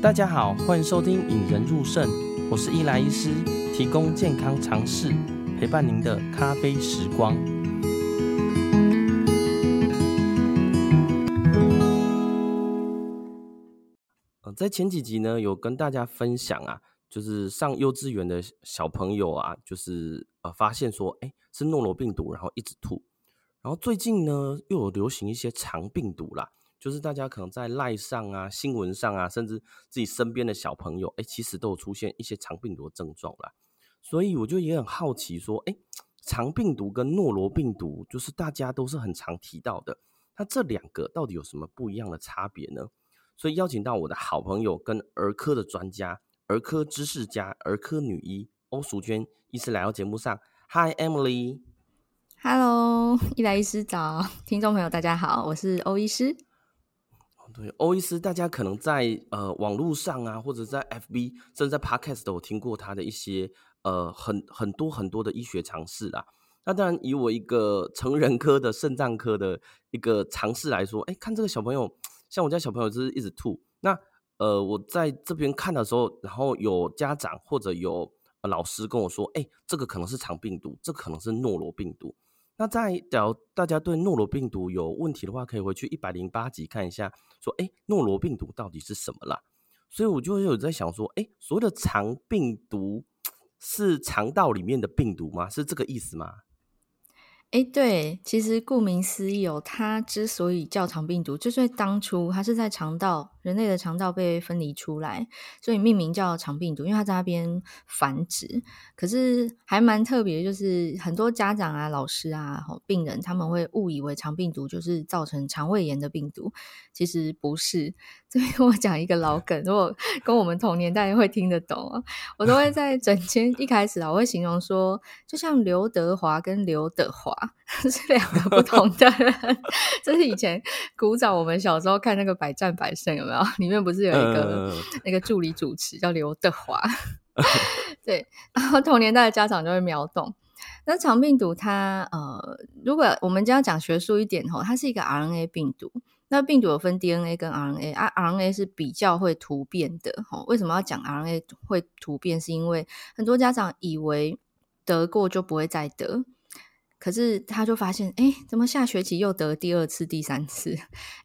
大家好，歡迎收聽《引人入腎》，我是伊萊醫師，提供健康常識，陪伴您的咖啡時光。呃，在前幾集呢，有跟大家分享啊，就是上幼稚園的小朋友啊，就是呃，發現說，誒，是諾羅病毒，然後一直吐，然後最近呢，又有流行一些腸病毒啦。就是大家可能在賴上啊、新聞上啊，甚至自己身邊的小朋友，哎，其實都有出現一些腸病毒的症狀啦。所以我就也很好奇，說，哎，腸病毒跟諾羅病毒，就是大家都是很常提到的，那這兩個到底有什麼不一樣的差別呢？所以邀請到我的好朋友跟兒科的專家、兒科知識家、兒科女醫歐淑娟醫師來到節目上。Hi Emily，Hello，Eli 醫師早，聽眾朋友大家好，我是歐醫師。歐醫師，大家可能在呃網絡上啊，或者在 FB 甚至在 Podcast 都有聽過他的一些呃很很多很多的醫學常識啦。那當然以我一個成人科的腎臟科的一個嘗試來說，哎、欸，看這個小朋友，像我家小朋友就是一直吐。那呃我在這邊看的時候，然後有家長或者有老師跟我說，哎、欸，這個可能是腸病毒，這個、可能是諾羅病毒。那再講，大家對諾羅病毒有問題的話，可以回去一百零八集看一下，說哎，諾羅病毒到底是什麼啦？所以我就有在想說，哎，所謂的腸病毒是腸道裡面的病毒嗎？是這個意思嗎？哎，對，其實顧名思義哦，它之所以叫腸病毒，就是當初它是在腸道。人類的腸道被分離出來，所以命名叫腸病毒，因為它在那邊繁殖。可是還蠻特別，就是很多家長啊、老師啊、哦、病人他們會誤以為腸病毒就是造成腸胃炎的病毒，其實不是。這邊我講一個老梗，如果跟我們同年代會聽得懂，我都會在整天 一開始啊，我會形容說，就像劉德華跟劉德華是兩個不同的人， 這是以前古早。古早我們小時候看那個《百戰百勝》。 裡面不是有一個那、uh, 個助理主持叫劉德華， 對，然後同年代的家長就會秒懂。那腸病毒它呃，如果我們要講學術一點吼，它是一個 RNA 病毒。那病毒有分 DNA 跟 RNA、啊、RNA 是比較會突變的。吼，為什麼要講 RNA 會突變？是因為很多家長以為得過就不會再得，可是他就發現，哎、欸，怎麼下學期又得第二次、第三次？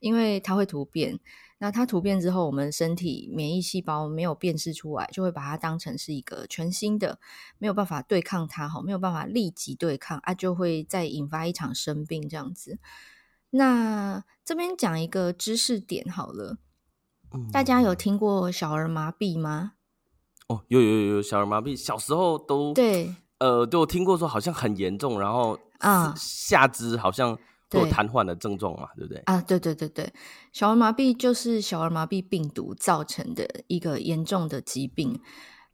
因為它會突變。那它突變之後，我們身體免疫細胞沒有辨識出來，就會把它當成是一個全新的，沒有辦法對抗它，哈，沒有辦法立即對抗啊，就會再引發一場生病這樣子。那這邊講一個知識點好了，嗯、大家有聽過小兒麻痹嗎？哦，有有有，小兒麻痹小時候都對。呃，對我聽過說好像很嚴重，然後啊，下肢好像。有癱瘓的症狀嘛，對不對？對，啊，對對對對，小兒麻痹就是小兒麻痹病毒造成的一個嚴重的疾病。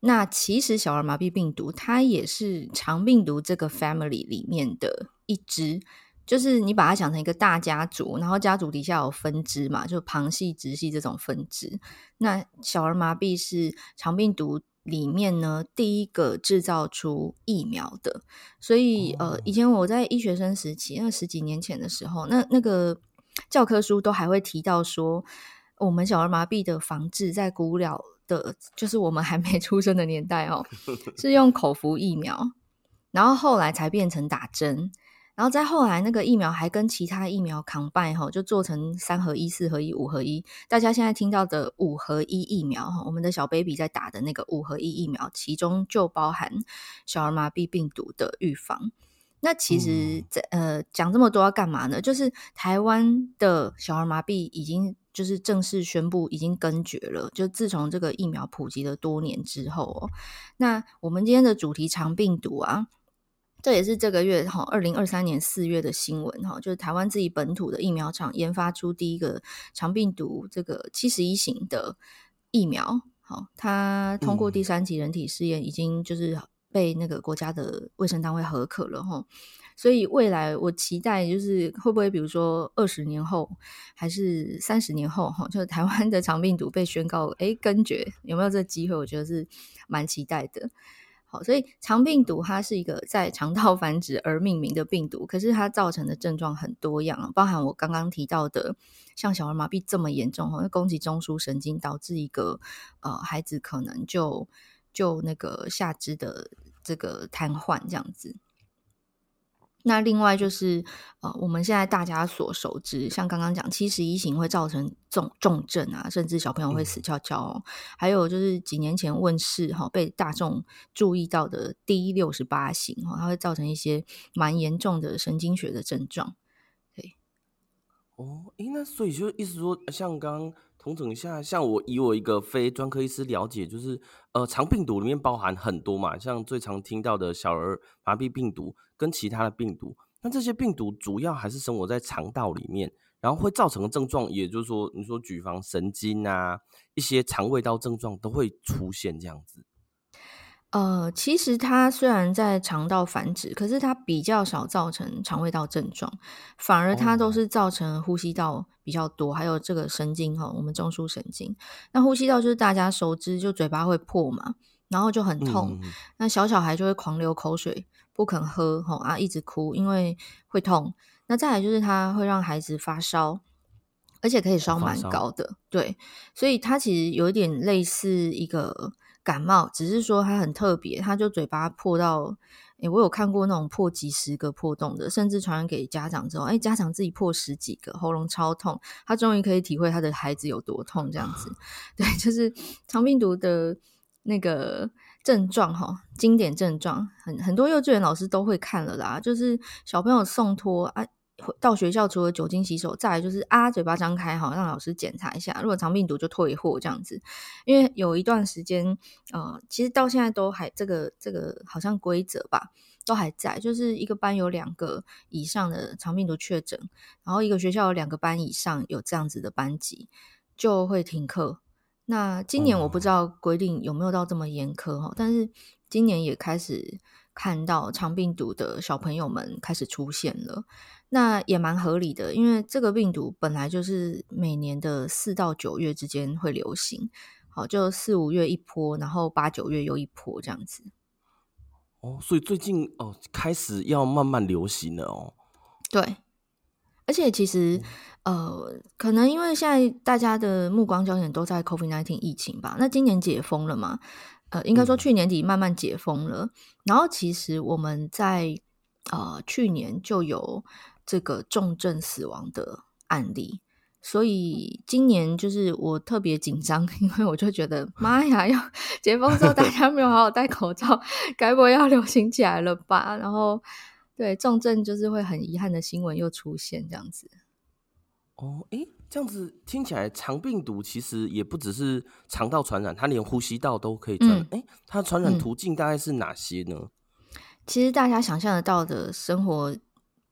那其實小兒麻痹病毒它也是腸病毒這個 family 裡面的一支，就是你把它想成一個大家族，然後家族底下有分支嘛，就旁系、直系這種分支。那小兒麻痹是腸病毒。裡面呢，第一個製造出疫苗的，所以、oh. 呃，以前我在醫學生時期，那十幾年前的時候，那那個教科書都還會提到說，我們小兒麻痹的防治在古老的，就是我們還沒出生的年代哦、喔， 是用口服疫苗，然後後來才變成打針。然後再後來，那個疫苗還跟其他疫苗抗敗，就做成三合一、四合一、五合一。大家現在聽到的五合一疫苗，我們的小 baby 在打的那個五合一疫苗，其中就包含小兒麻痹病毒的預防。那其實，嗯、呃，講這麼多要幹嘛呢？就是台灣的小兒麻痹已經就是正式宣布已經根絕了。就自從這個疫苗普及了多年之後哦，那我們今天的主題腸病毒啊。這也是這個月哈，二零二三年四月的新聞哈，就是台灣自己本土的疫苗廠研發出第一個腸病毒這個七十一型的疫苗，齁，它通過第三級人體試驗，已經就是被那個國家的衛生單位核可了哈，嗯、所以未來我期待就是會不會比如說二十年後還是三十年後哈，就台灣的腸病毒被宣告哎根絕，有沒有這個機會？我覺得是蠻期待的。好，所以腸病毒它是一個在腸道繁殖而命名的病毒，可是它造成的症狀很多樣，包含我剛剛提到的，像小兒麻痹這麼嚴重哦，因為攻擊中樞神經，導致一個呃孩子可能就就那個下肢的這個癱瘓這樣子。那另外就是，呃，我們現在大家所熟知，像剛剛講七十一型會造成重重症啊，甚至小朋友會死翹翹哦。嗯、還有就是幾年前問世哈、哦，被大眾注意到的 D 六十八型哈、哦，它會造成一些蠻嚴重的神經學的症狀。對，哦，哎，那所以就意思說，像剛。統整一下，像我以我一個非專科醫師了解，就是呃，腸病毒裡面包含很多嘛，像最常聽到的小兒麻痹病毒跟其他的病毒，那這些病毒主要還是生活在腸道裡面，然後會造成的症狀，也就是說，你說脊防神經啊，一些腸胃道症狀都會出現這樣子。呃，其實它雖然在腸道繁殖，可是它比較少造成腸胃道症狀，反而它都是造成呼吸道比較多，哦、還有這個神經哈、哦，我們中樞神經。那呼吸道就是大家熟知，就嘴巴會破嘛，然後就很痛，嗯、那小小孩就會狂流口水，不肯喝吼、哦、啊，一直哭，因為會痛。那再來就是它會讓孩子發燒，而且可以燒蠻高的，燒對，所以它其實有點類似一個。感冒，只是說他很特別，他就嘴巴破到誒，我有看過那種破幾十個破洞的，甚至傳染給家長之後，誒，家長自己破十幾個，喉嚨超痛，他終於可以體會他的孩子有多痛，這樣子，對，就是腸病毒的那個症狀齁，經典症狀很很多幼稚園老師都會看了啦，就是小朋友送托啊。到學校除了酒精洗手，再來就是啊嘴巴張開好讓老師檢查一下。如果腸病毒就退貨這樣子，因為有一段時間，呃，其實到現在都還這個這個好像規則吧，都還在，就是一個班有兩個以上的腸病毒確診，然後一個學校有兩個班以上有這樣子的班級就會停課。那今年我不知道規定有沒有到這麼嚴苛哈，嗯、但是今年也開始看到腸病毒的小朋友們開始出現了。那也蠻合理的，因為這個病毒本來就是每年的四到九月之間會流行，好，就四五月一波，然後八九月又一波這樣子。哦，所以最近哦、呃，開始要慢慢流行了哦。對，而且其實、嗯、呃，可能因為現在大家的目光焦點都在 COVID-19 疫情吧。那今年解封了嘛？呃，應該說去年底慢慢解封了，嗯、然後其實我們在呃去年就有。這個重症死亡的案例，所以今年就是我特別緊張，因為我就覺得媽呀，要解封之後大家沒有好好戴口罩，該 不會要流行起來了吧？然後對重症就是會很遺憾的新聞又出現這樣子。哦，誒、欸，這樣子聽起來，腸病毒其實也不只是腸道傳染，它連呼吸道都可以傳染。誒、嗯欸，它傳染途徑大概是哪些呢？嗯嗯、其實大家想象得到的生活。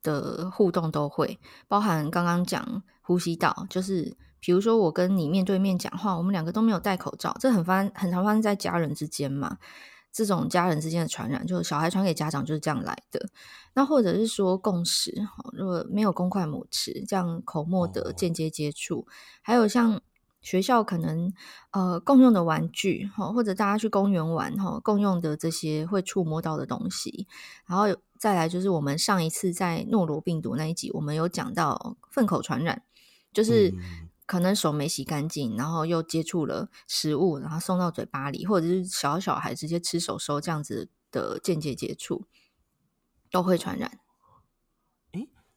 的互動都會包含剛剛講呼吸道，就是比如說我跟你面對面講話，我們兩個都沒有戴口罩，這很發，很常發生在家人之間嘛。這種家人之間的傳染，就小孩傳給家長就是這樣來的。那或者是說共食，如果沒有公筷母匙，這樣口沫的間接接觸，還有像。學校可能呃共用的玩具哈，或者大家去公園玩哈，共用的這些會觸摸到的東西，然後再來就是我們上一次在諾羅病毒那一集，我們有講到糞口傳染，就是可能手沒洗乾淨，嗯、然後又接觸了食物，然後送到嘴巴裡，或者是小小孩直接吃手手這樣子的間接接觸，都會傳染。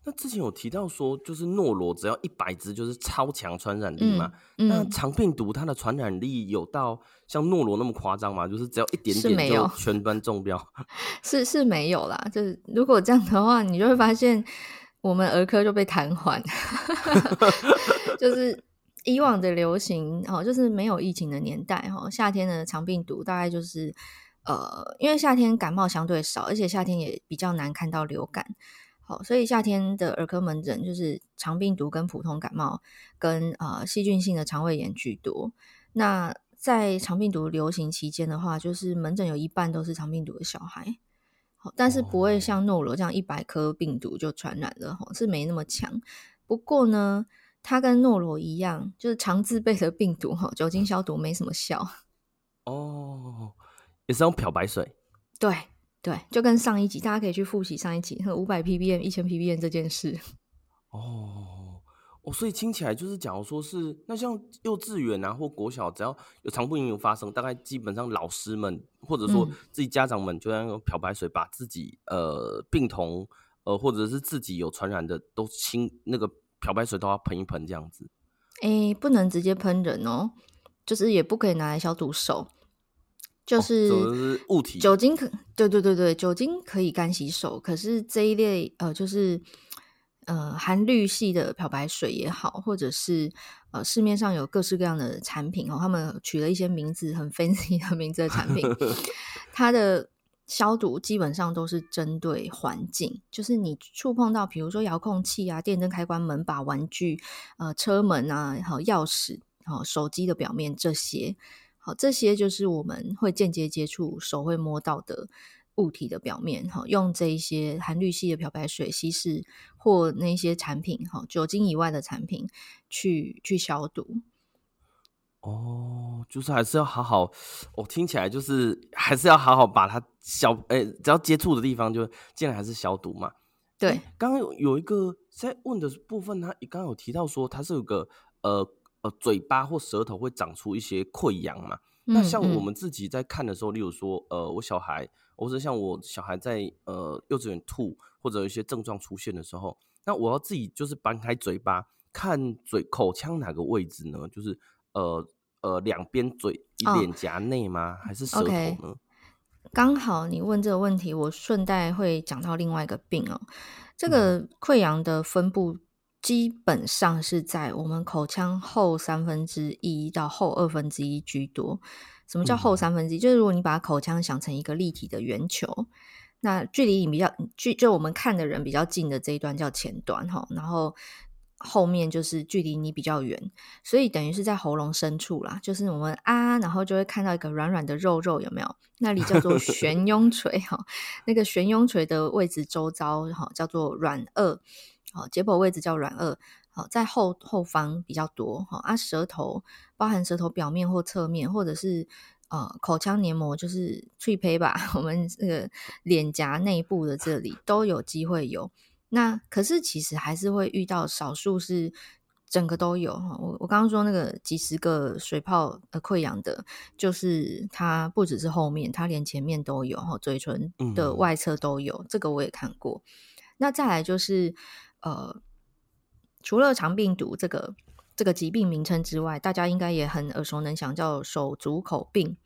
那之前有提到說，就是諾羅只要一百只就是超強傳染力嘛？嗯嗯、那腸病毒它的傳染力有到像諾羅那麼誇張嗎？就是只要一點點就全班中標是？ 是，是沒有啦。就是如果這樣的話，你就會發現我們兒科就被癱瘓 就是以往的流行哦，就是沒有疫情的年代哦，夏天的腸病毒大概就是呃，因為夏天感冒相對少，而且夏天也比較難看到流感。所以夏天的兒科門診就是腸病毒跟普通感冒跟呃、細菌性的腸胃炎居多。那在腸病毒流行期間的話，就是門診有一半都是腸病毒的小孩。但是不會像諾羅這樣一百顆病毒就傳染了，oh. 是沒那麼強。不過呢，它跟諾羅一樣，就是腸自備的病毒，哈，酒精消毒沒什麼效。哦，也是用漂白水？對。對，就跟上一集，大家可以去複習上一集，那五百 ppm、一千 ppm 這件事。哦，哦，所以聽起來就是假如說，是，是那像幼稚園啊或國小，只要有腸病毒疫情發生，大概基本上老師們或者說自己家長們，嗯、就要用漂白水把自己呃病童呃或者是自己有傳染的都清，那個漂白水都要噴一噴這樣子。哎、欸，不能直接噴人哦，就是也不可以拿來消毒手。就是酒精可對對對對酒精可以乾洗手，可是這一類呃就是呃含氯系的漂白水也好，或者是呃市面上有各式各樣的產品哦，他們取了一些名字很 fancy 的名字的產品，它的消毒基本上都是針對環境，就是你觸碰到比如說遙控器啊、電燈開關、門把、玩具、呃車門啊、鑰匙、手機的表面這些。這些就是我們會間接接觸、手會摸到的物體的表面，哈，用這些含氯系的漂白水稀釋或那些產品，哈，酒精以外的產品去去消毒。哦，就是還是要好好，我聽起來就是還是要好好把它消，哎、欸，只要接觸的地方就盡量還是消毒嘛。對，剛剛有有一個在問的部分，他剛剛有提到說它是有一個呃。呃，嘴巴或舌頭會長出一些潰瘍嘛？嗯哼。那像我們自己在看的時候，例如說，呃，我小孩，或者像我小孩在呃幼稚園吐，或者有一些症狀出現的時候，那我要自己就是掰開嘴巴看嘴口腔哪個位置呢？就是呃呃兩邊嘴臉頰內嗎？還是舌頭呢？Okay. 剛好你問這個問題，我順帶會講到另外一個病哦、喔。這個潰瘍的分布。基本上是在我們口腔後三分之一到後二分之一居多。什麼叫後三分之一？3? 就是如果你把口腔想成一個立體的圓球，那距離你比較距，就我們看的人比較近的這一段叫前端哈，然後後面就是距離你比較遠，所以等於是在喉嚨深處啦。就是我們啊，然後就會看到一個軟軟的肉肉，有沒有？那裡叫做懸雍垂哈，那個懸雍垂的位置周遭叫做軟腭。好，解剖位置叫軟腭，好，在後後方比較多。好，啊，舌頭包含舌頭表面或側面，或者是呃口腔黏膜，就是脆胚吧。我們這個臉頰內部的這裡都有機會有。那可是其實還是會遇到少數是整個都有。哈，我我剛剛說那個幾十個水泡呃潰瘍的，就是它不只是後面，它連前面都有，嘴唇的外側都有。這個我也看過。那再來就是。呃，除了腸病毒這個這個疾病名稱之外，大家應該也很耳熟能詳，叫手足口病。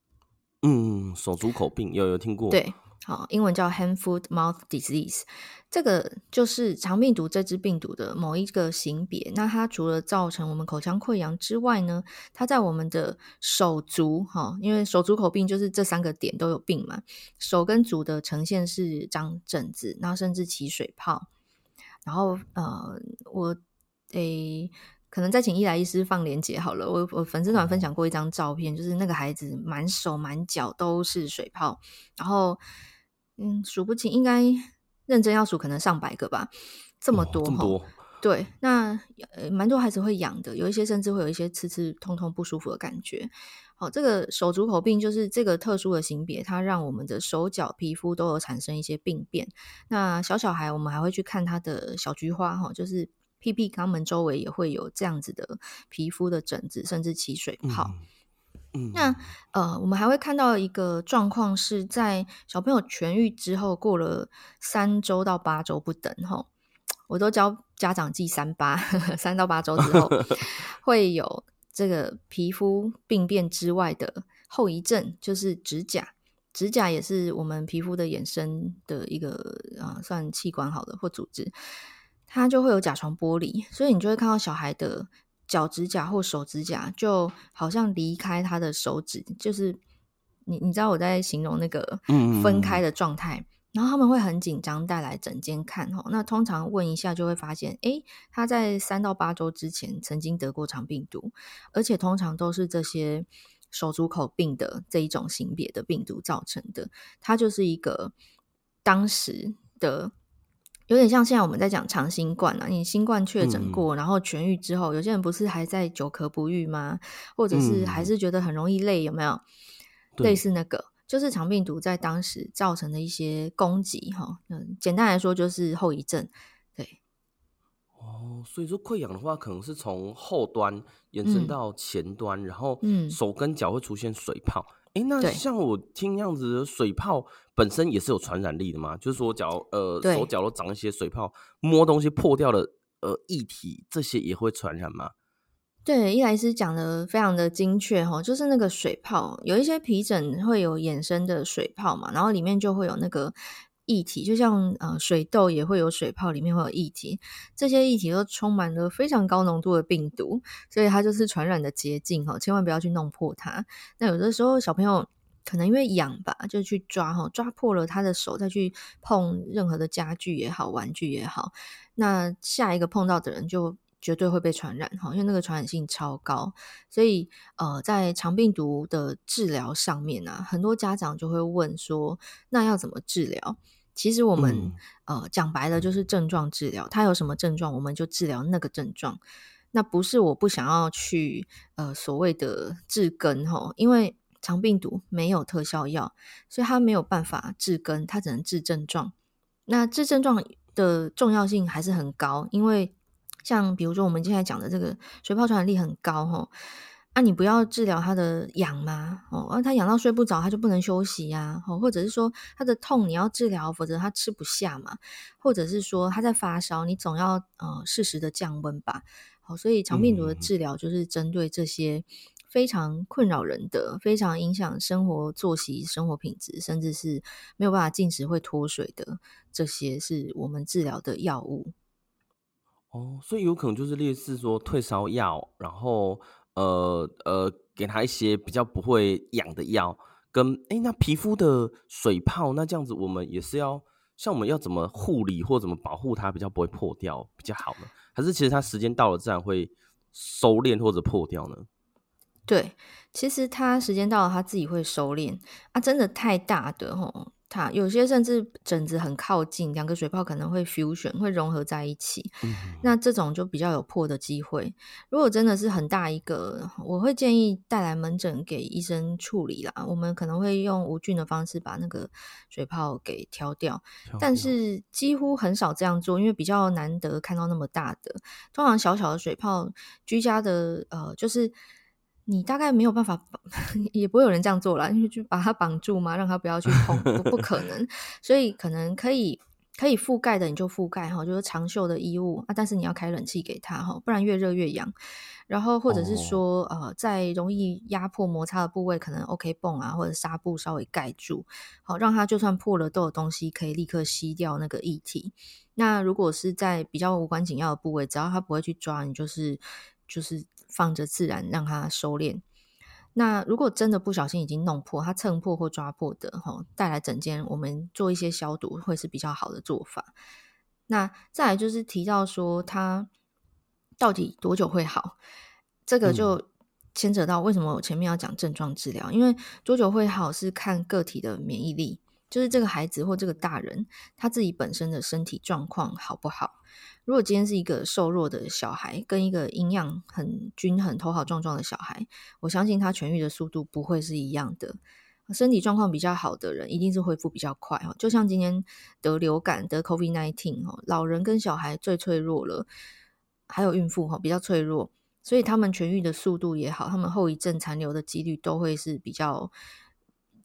嗯，手足口病有有聽過？對，好、哦，英文叫 hand foot mouth disease。這個就是腸病毒這支病毒的某一個型別。那它除了造成我們口腔潰瘍之外呢，它在我們的手足哈、哦，因為手足口病就是這三個點都有病嘛，手跟足的呈現是長疹子，然後甚至起水泡。然後呃，我誒、欸，可能再請伊萊醫師放連結好了。我我粉絲團分享過一張照片，就是那個孩子滿手滿腳都是水泡，然後嗯，數不清，應該認真要數，可能上百個吧，這麼多吼。哦、這麼多對，那、欸、蠻多孩子會癢的，有一些甚至會有一些刺刺痛痛不舒服的感覺。好、哦，這個手足口病就是這個特殊的型別，它讓我們的手腳皮膚都有產生一些病變。那小小孩我們還會去看他的小菊花，哈、哦，就是屁屁肛門周圍也會有這樣子的皮膚的疹子，甚至起水泡。嗯，嗯。那呃，我們還會看到一個狀況，是在小朋友痊癒之後，過了三周到八周不等，哈、哦，我都教家長記三八，三到八周之後會有。 這個皮膚病變之外的後遺症，就是指甲。指甲也是我們皮膚的衍生的一個啊，算器官好了或組織，它就會有甲床剝離，所以你就會看到小孩的腳指甲或手指甲，就好像離開他的手指，就是你你知道我在形容那個嗯，分開的狀態。嗯然後他們會很緊張，帶來診間看哦，那通常問一下就會發現，誒，他在三到八周之前曾經得過腸病毒，而且通常都是這些手足口病的這一種型別的病毒造成的。它就是一個當時的有點像現在我們在講長新冠啊，你新冠確診過，嗯、然後痊癒之後，有些人不是還在久咳不愈嗎？或者是還是覺得很容易累，嗯、有沒有對類似那個？就是腸病毒在當時造成的一些攻擊哈，嗯，簡單來說就是後遺症，對。哦，所以說潰瘍的話，可能是從後端延伸到前端，嗯、然後嗯，手跟腳會出現水泡。哎、嗯欸，那像我聽樣子，對水泡本身也是有傳染力的嘛？就是說腳呃，對手腳都長一些水泡，摸東西破掉了呃液體，這些也會傳染嗎？對，伊萊斯講得非常的精確哈、哦，就是那個水泡，有一些皮疹會有衍生的水泡嘛，然後裡面就會有那個液體，就像呃水痘也會有水泡，裡面會有液體，這些液體都充滿了非常高濃度的病毒，所以它就是傳染的捷徑哈，千萬不要去弄破它。那有的時候小朋友可能因為癢吧，就去抓哈，抓破了他的手，再去碰任何的家具也好，玩具也好，那下一個碰到的人就。絕對會被傳染，哈，因為那個傳染性超高，所以呃，在腸病毒的治療上面，啊，很多家長就會問說，那要怎麼治療？其實我們，嗯、呃講白了就是症狀治療，它有什麼症狀我們就治療那個症狀，那不是我不想要去呃所謂的治根，因為腸病毒沒有特效藥，所以它沒有辦法治根，它只能治症狀。那治症狀的重要性還是很高，因為。像比如說我們現在講的這個水泡傳染力很高齁，啊你不要治療他的癢嘛，哦，啊他癢到睡不着，他就不能休息呀，啊，哦或者是說他的痛你要治療，否則他吃不下嘛，或者是說他在發燒，你總要呃適時的降溫吧。好，所以腸病毒的治療就是針對這些非常困擾人的、非常影響生活作息、生活品質，甚至是沒有辦法進食會脫水的這些，是我們治療的藥物。哦，oh, 所以有可能就是類似說退燒藥，然後呃呃，給他一些比較不會癢的藥，跟哎、欸、那皮膚的水泡，那這樣子我們也是要像我們要怎麼護理或怎麼保護它，比較不會破掉比較好呢？還是其實它時間到了自然會收斂或者破掉呢？對，其實它時間到了，它自己會收斂啊，真的太大的吼，有些甚至疹子很靠近，兩個水泡可能會 fusion，會融合在一起。嗯、哼那這種就比較有破的機會。如果真的是很大一個，我會建議帶來門診給醫生處理啦。我們可能會用無菌的方式把那個水泡給挑掉，喔、但是幾乎很少這樣做，因為比較難得看到那麼大的。通常小小的水泡，居家的呃，就是。你大概沒有辦法，也不會有人這樣做了，因為就把它綁住嘛，讓它不要去碰，不不可能。 所以可能可以可以覆蓋的，你就覆蓋哈，就是長袖的衣物啊。但是你要開冷氣給它哈，不然越熱越癢。然後或者是說，哦、呃，在容易壓迫摩擦的部位，可能 OK 繃啊或者紗布稍微蓋住，好讓它就算破了都有東西，可以立刻吸掉那個液體。那如果是在比較無關緊要的部位，只要它不會去抓，你就是就是。放着自然讓它收斂。那如果真的不小心已經弄破，它蹭破或抓破的，吼，帶來整間我們做一些消毒會是比較好的做法。那再來就是提到說它到底多久會好，這個就牽扯到為什麼我前面要講症狀治療，嗯、因為多久會好是看個體的免疫力，就是這個孩子或這個大人他自己本身的身體狀況好不好。如果今天是一個瘦弱的小孩，跟一個營養很均衡、頭好壯壯的小孩，我相信他痊癒的速度不會是一樣的。身體狀況比較好的人，一定是恢復比較快哦。就像今天得流感、得 COVID-19 哈，19，老人跟小孩最脆弱了，還有孕婦吼比較脆弱，所以他們痊癒的速度也好，他們後遺症殘留的幾率都會是比較，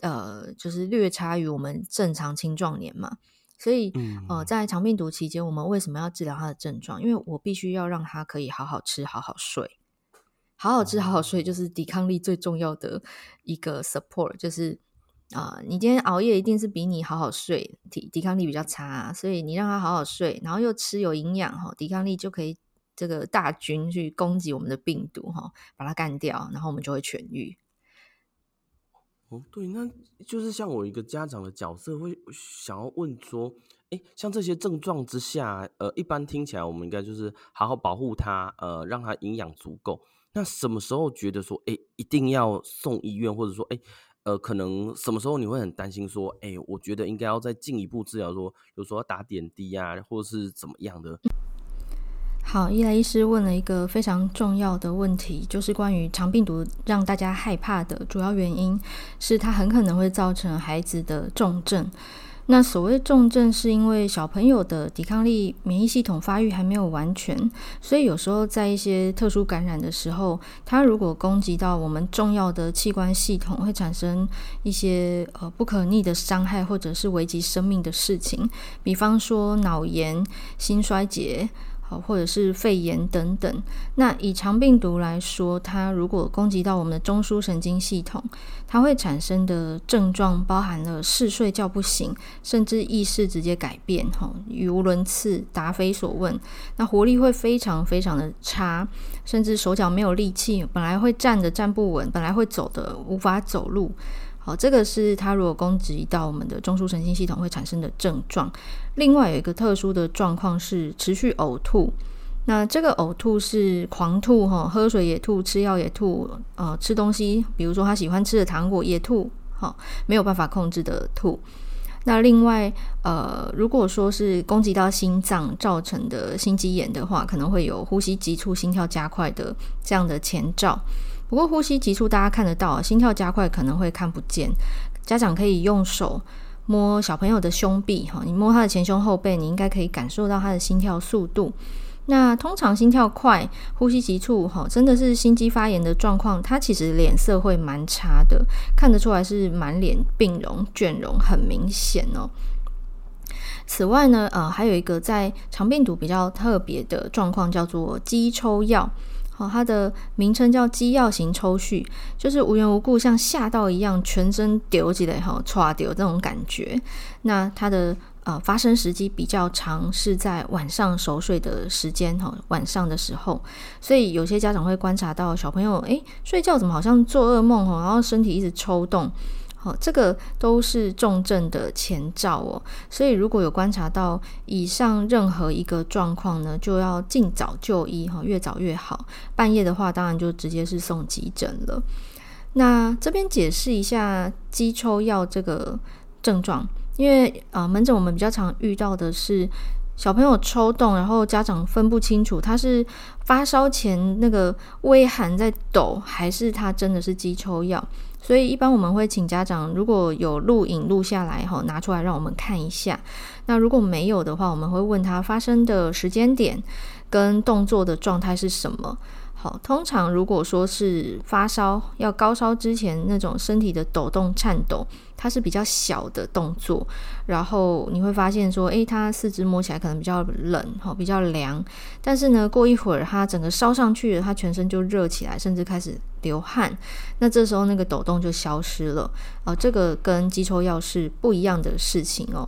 呃，就是略差於我們正常青壯年嘛。所以，嗯、呃，在腸病毒期間，我們為什麼要治療他的症狀？因為我必須要讓他可以好好吃、好好睡、好好吃、好好睡，就是抵抗力最重要的一個 support。就是啊、呃，你今天熬夜一定是比你好好睡，抵抗力比較差，所以你讓他好好睡，然後又吃有營養，抵抗力就可以這個大軍去攻擊我們的病毒，把它幹掉，然後我們就會痊癒。哦，對，那就是像我一個家長的角色，會想要問說，哎，像這些症狀之下，呃，一般聽起來我們應該就是好好保護他，呃，讓他營養足夠。那什麼時候覺得說，哎，一定要送醫院，或者說，哎，呃，可能什麼時候你會很擔心說，哎，我覺得應該要再進一步治療，說，比如說打點滴呀、啊，或者是怎麼樣的。好，伊萊醫師問了一個非常重要的問題，就是關於腸病毒讓大家害怕的主要原因，是它很可能會造成孩子的重症。那所謂重症，是因為小朋友的抵抗力、免疫系統發育還沒有完全，所以有時候在一些特殊感染的時候，它如果攻擊到我們重要的器官系統，會產生一些呃不可逆的傷害，或者是危及生命的事情，比方說腦炎、心衰竭。或者是肺炎等等。那以腸病毒來說，它如果攻擊到我們的中樞神經系統，它會產生的症狀包含了嗜睡、叫不醒，甚至意識直接改變，哈，語無倫次、答非所問。那活力會非常非常的差，甚至手腳沒有力氣，本來會站的站不穩，本來會走的無法走路。哦，這個是它如果攻擊到我們的中樞神經系統會產生的症狀。另外有一個特殊的狀況是持續嘔吐，那這個嘔吐是狂吐，喝水也吐，吃藥也吐，呃，吃東西，比如說他喜歡吃的糖果也吐，哈、哦，沒有辦法控制的吐。那另外，呃，如果說是攻擊到心臟造成的心肌炎的話，可能會有呼吸急促、心跳加快的這樣的前兆。不過呼吸急促，大家看得到啊，心跳加快可能會看不見。家長可以用手摸小朋友的胸壁，哈，你摸他的前胸後背，你應該可以感受到他的心跳速度。那通常心跳快，呼吸急促，哈，真的是心肌發炎的狀況。他其實臉色會蠻差的，看得出來是滿臉病容、倦容，很明顯哦。此外呢，呃，還有一個在腸病毒比較特別的狀況，叫做肌抽躍。哦，它的名稱叫肌躍型抽搐，就是無緣無故像嚇到一樣，全身抖起來，哈，唰抖那種感覺。那它的呃發生時機比較長，是在晚上熟睡的時間，哈、喔，晚上的時候。所以有些家長會觀察到小朋友，哎、欸，睡覺怎麼好像做噩夢，然後身體一直抽動。好，這個都是重症的前兆哦，所以如果有觀察到以上任何一個狀況呢，就要儘早就醫哈，越早越好。半夜的話，當然就直接是送急診了。那這邊解釋一下肌抽躍這個症狀，因為啊、呃，門診我們比較常遇到的是小朋友抽動，然後家長分不清楚他是發燒前那個畏寒在抖，還是他真的是肌抽躍。所以一般我們會請家長，如果有錄影錄下來哈、哦，拿出來讓我們看一下。那如果沒有的話，我們會問他發生的時間點跟動作的狀態是什麼。好、哦，通常如果說是發燒要高燒之前那種身體的抖動顫抖，它是比較小的動作。然後你會發現說，誒，他四肢摸起來可能比較冷哈、哦，比較涼。但是呢，過一會兒他整個燒上去了，他全身就熱起來，甚至開始。流汗，那這時候那個抖動就消失了。呃，這個跟肌抽躍是不一樣的事情哦。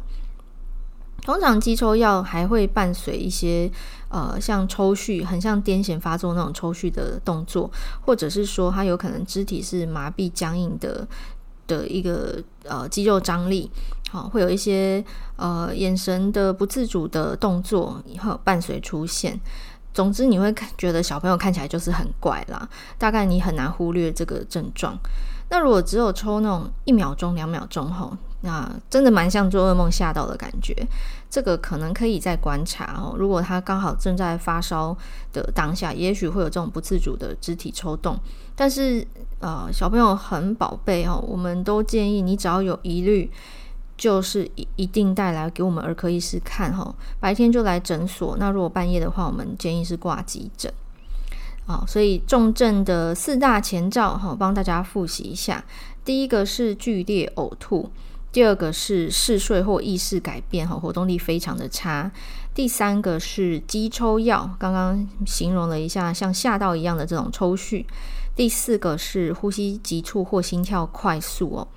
通常肌抽躍還會伴隨一些呃，像抽搐，很像癲癇發作那種抽搐的動作，或者是說它有可能肢體是麻痹僵硬的的一個呃肌肉張力，好、呃，會有一些呃眼神的不自主的動作以後伴隨出現。總之你會看覺得小朋友看起來就是很怪啦，大概你很難忽略這個症狀。那如果只有抽那種一秒鐘、兩秒鐘吼，那真的蠻像做噩夢嚇到的感覺。這個可能可以再觀察哦。如果他剛好正在發燒的當下，也許會有這種不自主的肢體抽動。但是呃，小朋友很寶貝哦，我們都建議你只要有疑慮。就是一一定帶來給我們兒科醫師看哈，白天就來診所，那如果半夜的話，我們建議是掛急診。好，所以重症的四大前兆哈，幫大家複習一下：第一個是劇烈嘔吐，第二個是嗜睡或意識改變哈，活動力非常的差；第三個是肌抽躍。剛剛形容了一下像嚇到一樣的這種抽搐；第四個是呼吸急促或心跳快速哦。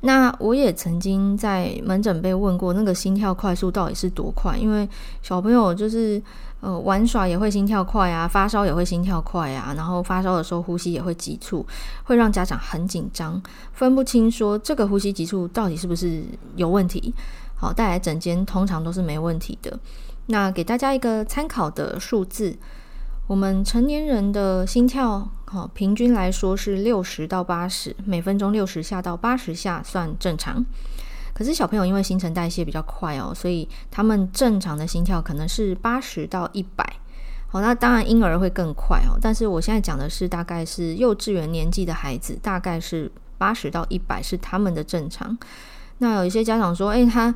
那我也曾經在門診被問過，那個心跳快速到底是多快？因為小朋友就是呃玩耍也會心跳快啊，發燒也會心跳快啊，然後發燒的時候呼吸也會急促，會讓家長很緊張，分不清說這個呼吸急促到底是不是有問題。好，帶來診間通常都是沒問題的。那給大家一個參考的數字。我們成年人的心跳，好，平均來說是六十到八十，每分鐘六十下到八十下算正常。可是小朋友因為新陳代謝比較快哦，所以他們正常的心跳可能是八十到一百。好，那當然嬰兒會更快哦，但是我現在講的是大概是幼稚園年紀的孩子，大概是八十到一百，是他們的正常。那有一些家長說，哎、欸，他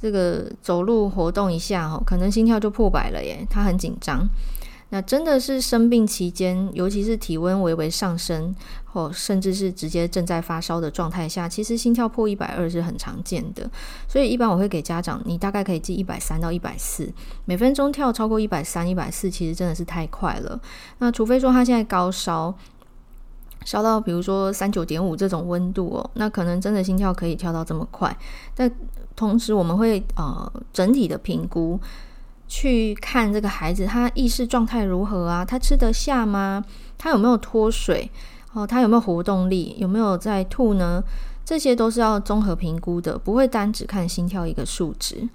這個走路活動一下哦，可能心跳就破百了耶，他很緊張。那真的是生病期間，尤其是體溫微微上升，或甚至是直接正在發燒的狀態下，其實心跳破一百二是很常見的。所以一般我會給家長，你大概可以記一百三到一百四，140, 每分鐘跳超過一百三、一百四，其實真的是太快了。那除非說他現在高燒，燒到比如說三九點五這種溫度哦，那可能真的心跳可以跳到這麼快。但同時我們會呃整體的評估。去看這個孩子，他意識狀態如何啊？他吃得下嗎？他有沒有脫水？哦，他有沒有活動力？有沒有在吐呢？這些都是要綜合評估的，不會單只看心跳一個數值。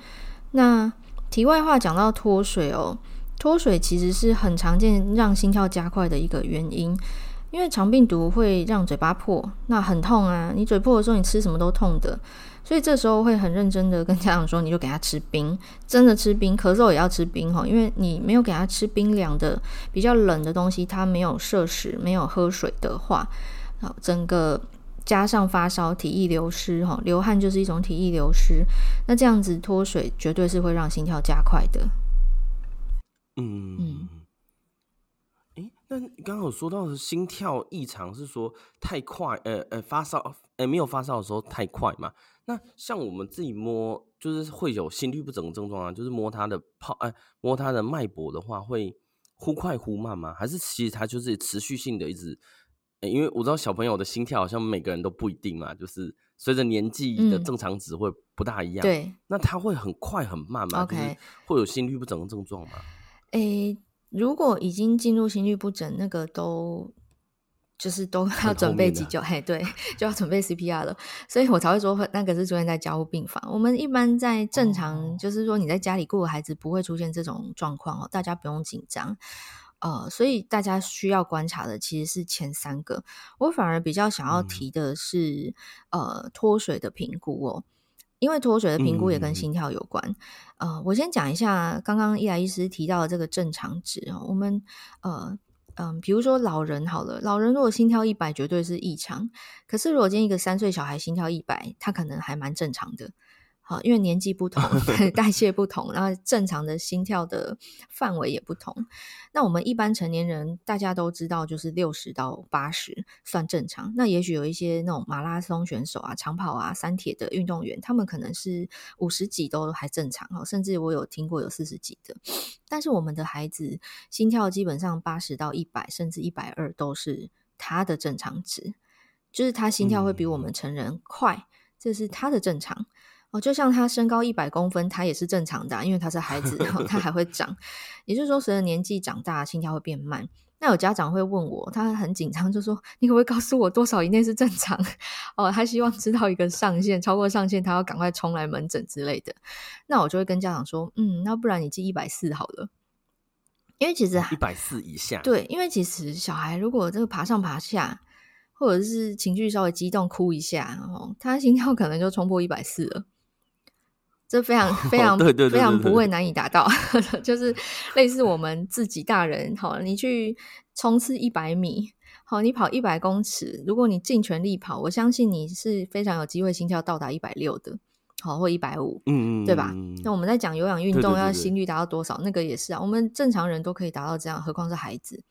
那題外話講到脫水哦，脫水其實是很常見讓心跳加快的一個原因，因為腸病毒會讓嘴巴破，那很痛啊。你嘴破的時候，你吃什麼都痛的。所以這時候會很認真的跟家長說，你就給他吃冰，真的吃冰，咳嗽也要吃冰哈，因為你沒有給他吃冰涼的、比較冷的東西，他沒有攝食、沒有喝水的話，好，整個加上發燒、體液流失哈，流汗就是一種體液流失，那這樣子脫水絕對是會讓心跳加快的。嗯嗯，誒、嗯，那剛剛我說到的心跳異常是說太快，呃呃發，發燒，哎，沒有發燒的時候太快嘛？那像我們自己摸，就是會有心律不整的症狀啊，就是摸它的泡，哎、摸它的脈搏的話，會忽快忽慢嗎？還是其實它就是持續性的一直、欸？因為我知道小朋友的心跳好像每個人都不一定嘛，就是隨着年紀的正常值會不大一樣。嗯、對，那它會很快很慢嗎？OK，會有心律不整的症狀嗎？誒、欸，如果已經進入心律不整，那個都。就是都要準備急救，哎、啊，對，就要準備 CPR 了，所以我才會說那個是出現在加護病房。我們一般在正常，哦、就是說你在家裡顧孩子不會出現這種狀況，哦、大家不用緊張。呃，所以大家需要觀察的其實是前三個，我反而比較想要提的是，嗯、呃脫水的評估哦，因為脫水的評估也跟心跳有關。嗯嗯嗯呃，我先講一下剛剛 Eli 醫師提到的這個正常值我們呃。嗯，比如說老人好了，老人如果心跳一百，絕對是異常。可是如果今天一個三歲小孩心跳一百，他可能還蠻正常的。好，因為年紀不同， 代謝不同，然後正常的心跳的範圍也不同。那我們一般成年人大家都知道，就是六十到八十算正常。那也許有一些那種馬拉松選手啊、長跑啊、三鐵的運動員，他們可能是五十幾都還正常，甚至我有聽過有四十幾的。但是我們的孩子心跳基本上八十到一百，甚至一百二都是他的正常值，就是他心跳會比我們成人快，嗯，這是他的正常。就像他身高一百公分，他也是正常的啊，因為他是孩子，然後他還會長。 也就是說，隨着年紀長大，心跳會變慢。那有家長會問我，他很緊張，就說：“你可不可以告訴我多少以內是正常？”哦，他希望知道一個上限，超過上限他要趕快衝來門診之類的。那我就會跟家長說：“嗯，那不然你記一百四好了，因為其實一百四以下，對，因為其實小孩如果這個爬上爬下，或者是情緒稍微激動哭一下，哦，他心跳可能就衝破一百四了。”這非常非常非常不會難以達到， 就是類似我們自己大人，好，你去衝刺一百米，好，你跑一百公尺，如果你盡全力跑，我相信你是非常有機會心跳到達一百六的，好，或一百五，嗯，對吧？嗯，那我們在講有氧運動對對對對要心率達到多少，那個也是啊，我們正常人都可以達到這樣，何況是孩子。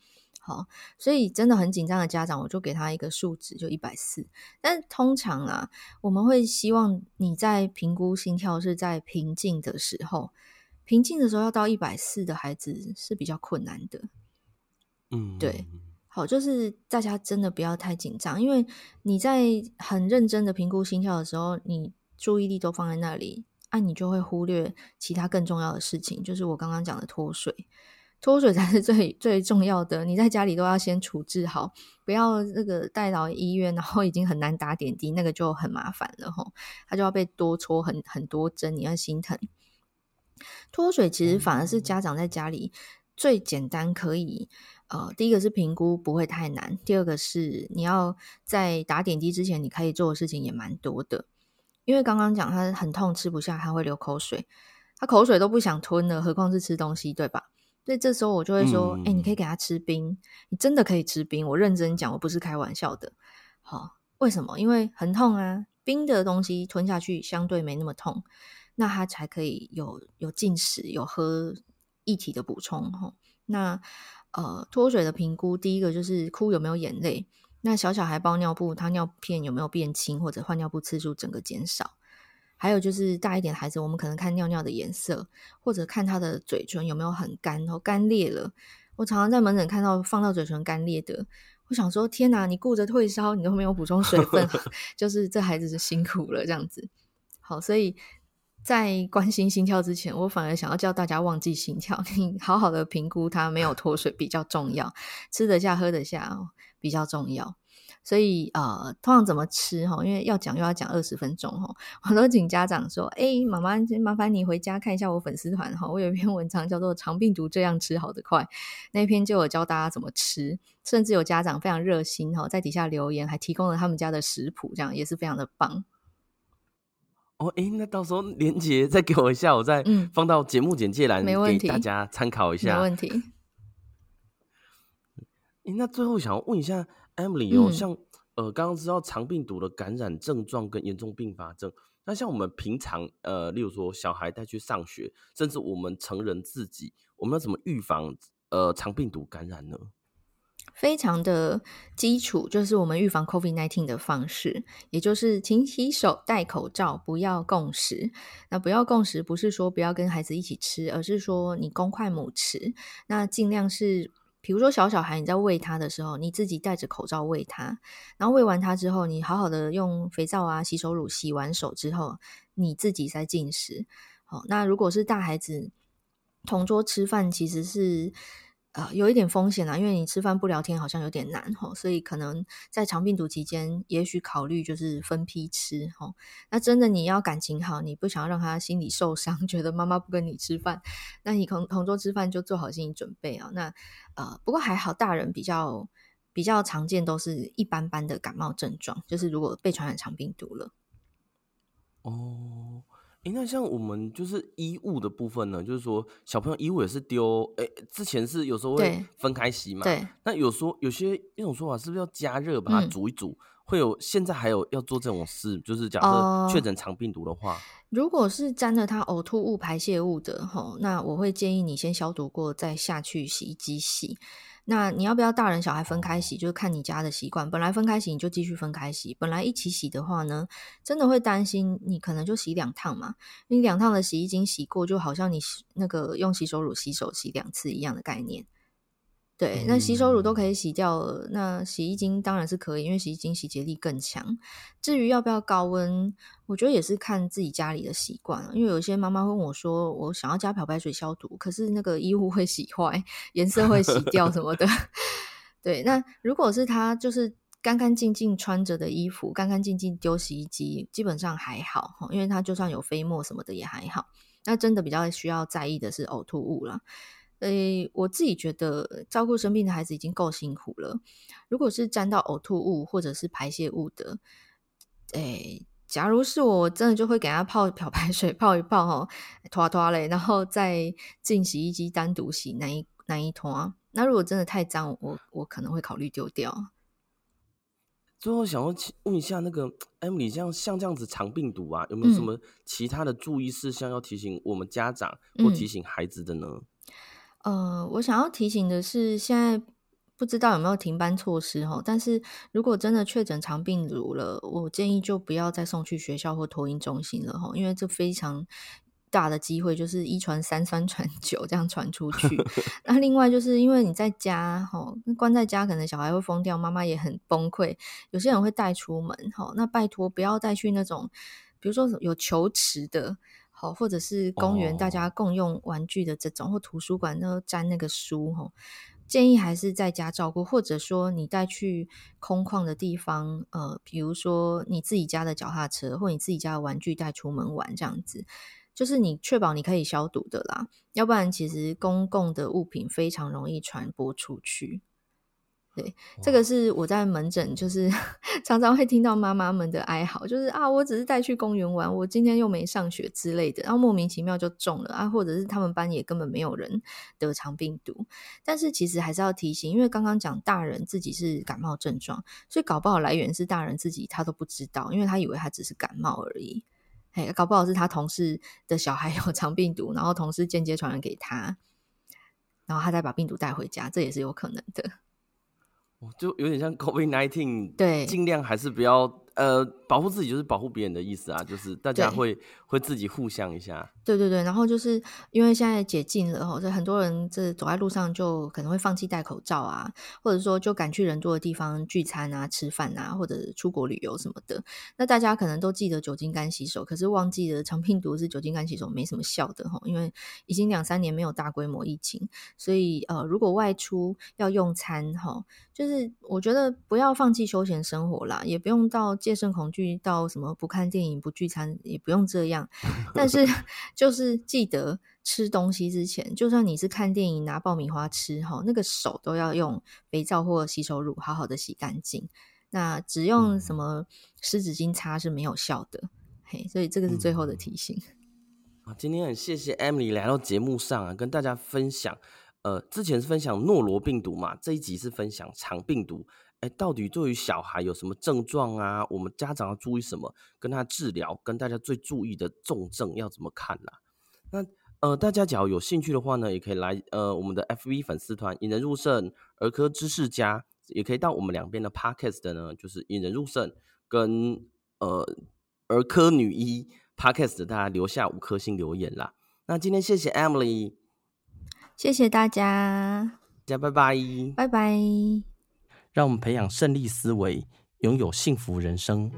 好，所以真的很緊張的家長，我就給他一個數值，就一百四。但是通常啊，我們會希望你在評估心跳是在平靜的時候，平靜的時候要到一百四的孩子是比較困難的。嗯，對。好，就是大家真的不要太緊張，因為你在很認真的評估心跳的時候，你注意力都放在那裡，那，啊，你就會忽略其他更重要的事情，就是我剛剛講的脫水。脫水才是最最重要的。你在家裡都要先處置好，不要那個帶到醫院，然後已經很難打點滴，那個就很麻煩了吼，他就要被多戳很很多針，你要心疼。脫水其實反而是家長在家裡、嗯、最簡單可以呃，第一個是評估不會太難，第二個是你要在打點滴之前，你可以做的事情也蠻多的。因為剛剛講他很痛，吃不下，他會流口水，他口水都不想吞了，何況是吃東西，對吧？所以這時候我就會說，哎、欸，你可以給他吃冰，嗯、你真的可以吃冰，我認真講，我不是開玩笑的。好、哦，為什麼？因為很痛啊，冰的東西吞下去相對沒那麼痛，那他才可以有有進食、有喝液體的補充。吼、哦，那呃脫水的評估，第一個就是哭有沒有眼淚，那小小孩包尿布，他尿片有沒有變輕，或者換尿布次數整個減少。還有就是大一點的孩子，我們可能看尿尿的顏色，或者看他的嘴唇有沒有很乾，然後，哦，乾裂了。我常常在門診看到放到嘴唇乾裂的，我想說天哪，你顧着退燒，你都沒有補充水分， 就是這孩子是辛苦了這樣子。好，所以在關心心跳之前，我反而想要叫大家忘記心跳，你好好的評估他沒有脫水比較重要，吃得下喝得下哦比較重要。所以呃，通常怎麼吃哈？因為要講又要講二十分鐘哈，我都請家長說：“哎、欸，媽媽，麻煩你回家看一下我粉絲團哈，我有一篇文章叫做《腸病毒這樣吃好得快》，那篇就有教大家怎麼吃。甚至有家長非常熱心哈，在底下留言，還提供了他們家的食譜，這樣也是非常的棒。哦，哎、欸，那到時候連結再給我一下，我再放到節目簡介欄，給大家參考一下。沒問題。那最後想要問一下 Emily 哦，嗯、像呃剛剛知道腸病毒的感染症狀跟嚴重併發症，那像我們平常呃，例如說小孩帶去上學，甚至我們成人自己，我們要怎麼預防呃腸病毒感染呢？非常的基礎就是我們預防 COVID-19 的方式，也就是勤洗手、戴口罩、不要共食。那不要共食不是說不要跟孩子一起吃，而是說你公筷母匙，那盡量是。比如說，小小孩你在餵他的時候，你自己戴着口罩餵他，然後餵完他之後，你好好的用肥皂啊、洗手乳洗完手之後，你自己再進食。好，那如果是大孩子同桌吃飯，其實是。呃，有一點風險啊，因為你吃飯不聊天，好像有點難吼，所以可能在腸病毒期間，也許考慮就是分批吃吼。那真的你要感情好，你不想要讓他心裡受傷，覺得媽媽不跟你吃飯，那你同，同桌吃飯就做好心理準備啊。那呃，不過還好，大人比較比較常見都是一般般的感冒症狀，就是如果被傳染腸病毒了，哦。欸、那像我們就是衣物的部分呢，就是說小朋友衣物也是丟、欸，之前是有時候會分開洗嘛，對。對，那有時候有些那種說法，是不是要加熱把它煮一煮？嗯、會有現在還有要做這種事，就是假設確診腸病毒的話、呃，如果是沾了它嘔吐物、排泄物的吼，那我會建議你先消毒過再下去洗衣機洗。那你要不要大人小孩分開洗？就是看你家的習慣。本來分開洗，你就繼續分開洗；本來一起洗的話呢，真的會擔心你可能就洗兩趟嘛。你兩趟的洗衣精洗過，就好像你洗那個用洗手乳洗手洗兩次一樣的概念。對，那洗手乳都可以洗掉，那洗衣精當然是可以，因為洗衣精洗潔力更強。至於要不要高溫，我覺得也是看自己家裡的習慣了，因為有些媽媽問我說，我想要加漂白水消毒，可是那個衣物會洗壞，顏色會洗掉什麼的。 對，那如果是她，就是干干淨淨穿着的衣服，干干淨淨丟洗衣機，基本上還好，因為她就算有飛沫什麼的也還好。那真的比較需要在意的是嘔吐物了。誒、欸，我自己覺得照顧生病的孩子已經夠辛苦了。如果是沾到嘔吐物或者是排泄物的，誒、欸，假如是我真的，就會給他泡漂白水泡一泡哦，拖拖嘞，然後再進洗衣機單獨洗那一那一坨啊。那如果真的太髒，我我可能會考慮丟掉。最後想要問一下，那個 Emily，、欸、像像這樣子腸病毒啊，有沒有什麼其他的注意事項要提醒我們家長或提醒孩子的呢？嗯嗯嗯、呃，我想要提醒的是，現在不知道有沒有停班措施，但是，如果真的確診腸病毒了，我建議就不要再送去學校或托嬰中心了，因為這非常大的機會就是一傳三、三傳九這樣傳出去。 那另外就是因為你在家關在家可能小孩會瘋掉，媽媽也很崩潰。有些人會帶出門，那拜托不要帶去那種，比如說有球池的。好，或者是公園大家共用玩具的這種，哦、或圖書館那粘那個書吼，建議還是在家照顧，或者說你帶去空曠的地方，呃，比如說你自己家的腳踏車或你自己家的玩具帶出門玩這樣子，就是你確保你可以消毒的啦，要不然其實公共的物品非常容易傳播出去。對，這個是我在門診，就是常常會聽到媽媽們的哀嚎，就是啊，我只是帶去公園玩，我今天又沒上學之類的，然後莫名其妙就中了啊，或者是他們班也根本沒有人得腸病毒，但是其實還是要提醒，因為剛剛講大人自己是感冒症狀，所以搞不好來源是大人自己，他都不知道，因為他以為他只是感冒而已，嘿，搞不好是他同事的小孩有腸病毒，然後同事間接傳染給他，然後他再把病毒帶回家，這也是有可能的。就有點像 COVID-19，對，盡量還是不要，呃。保護自己就是保護別人的意思啊，就是大家會對會自己互相一下。對對對，然後就是因為現在解禁了，很多人這走在路上就可能會放棄戴口罩啊，或者說就敢去人多的地方聚餐啊、吃飯啊，或者出國旅遊什麼的。那大家可能都記得酒精乾洗手，可是忘記了腸病毒是酒精乾洗手沒什麼效的，因為已經兩三年沒有大規模疫情，所以呃，如果外出要用餐，就是我覺得不要放棄休閒生活啦，也不用到戒慎恐懼。去到什麼不看電影不聚餐也不用這樣，但是就是記得 吃東西之前，就算你是看電影拿爆米花吃，那個手都要用肥皂或洗手乳好好的洗乾淨，那只用什麼濕紙巾擦是沒有效的，嘿、嗯，hey, 所以這個是最後的提醒。嗯、今天很謝謝 Emily 來到節目上啊，跟大家分享，呃，之前是分享諾羅病毒嘛，這一集是分享腸病毒。哎，到底對於小孩有什麼症狀啊？我們家長要注意什麼？跟他治療，跟大家最注意的重症要怎麼看呢、啊？那呃，大家只要有興趣的話呢，也可以來呃我們的 FB 粉絲團“引人入腎兒科知識家”，也可以到我們兩邊的 Podcast 的呢，就是“引人入腎跟”跟呃兒科女醫 Podcast，大家留下五顆星留言啦。那今天謝謝 Emily，謝謝大家，大家拜拜，拜拜。讓我們培養腎利思維，擁有幸福人生。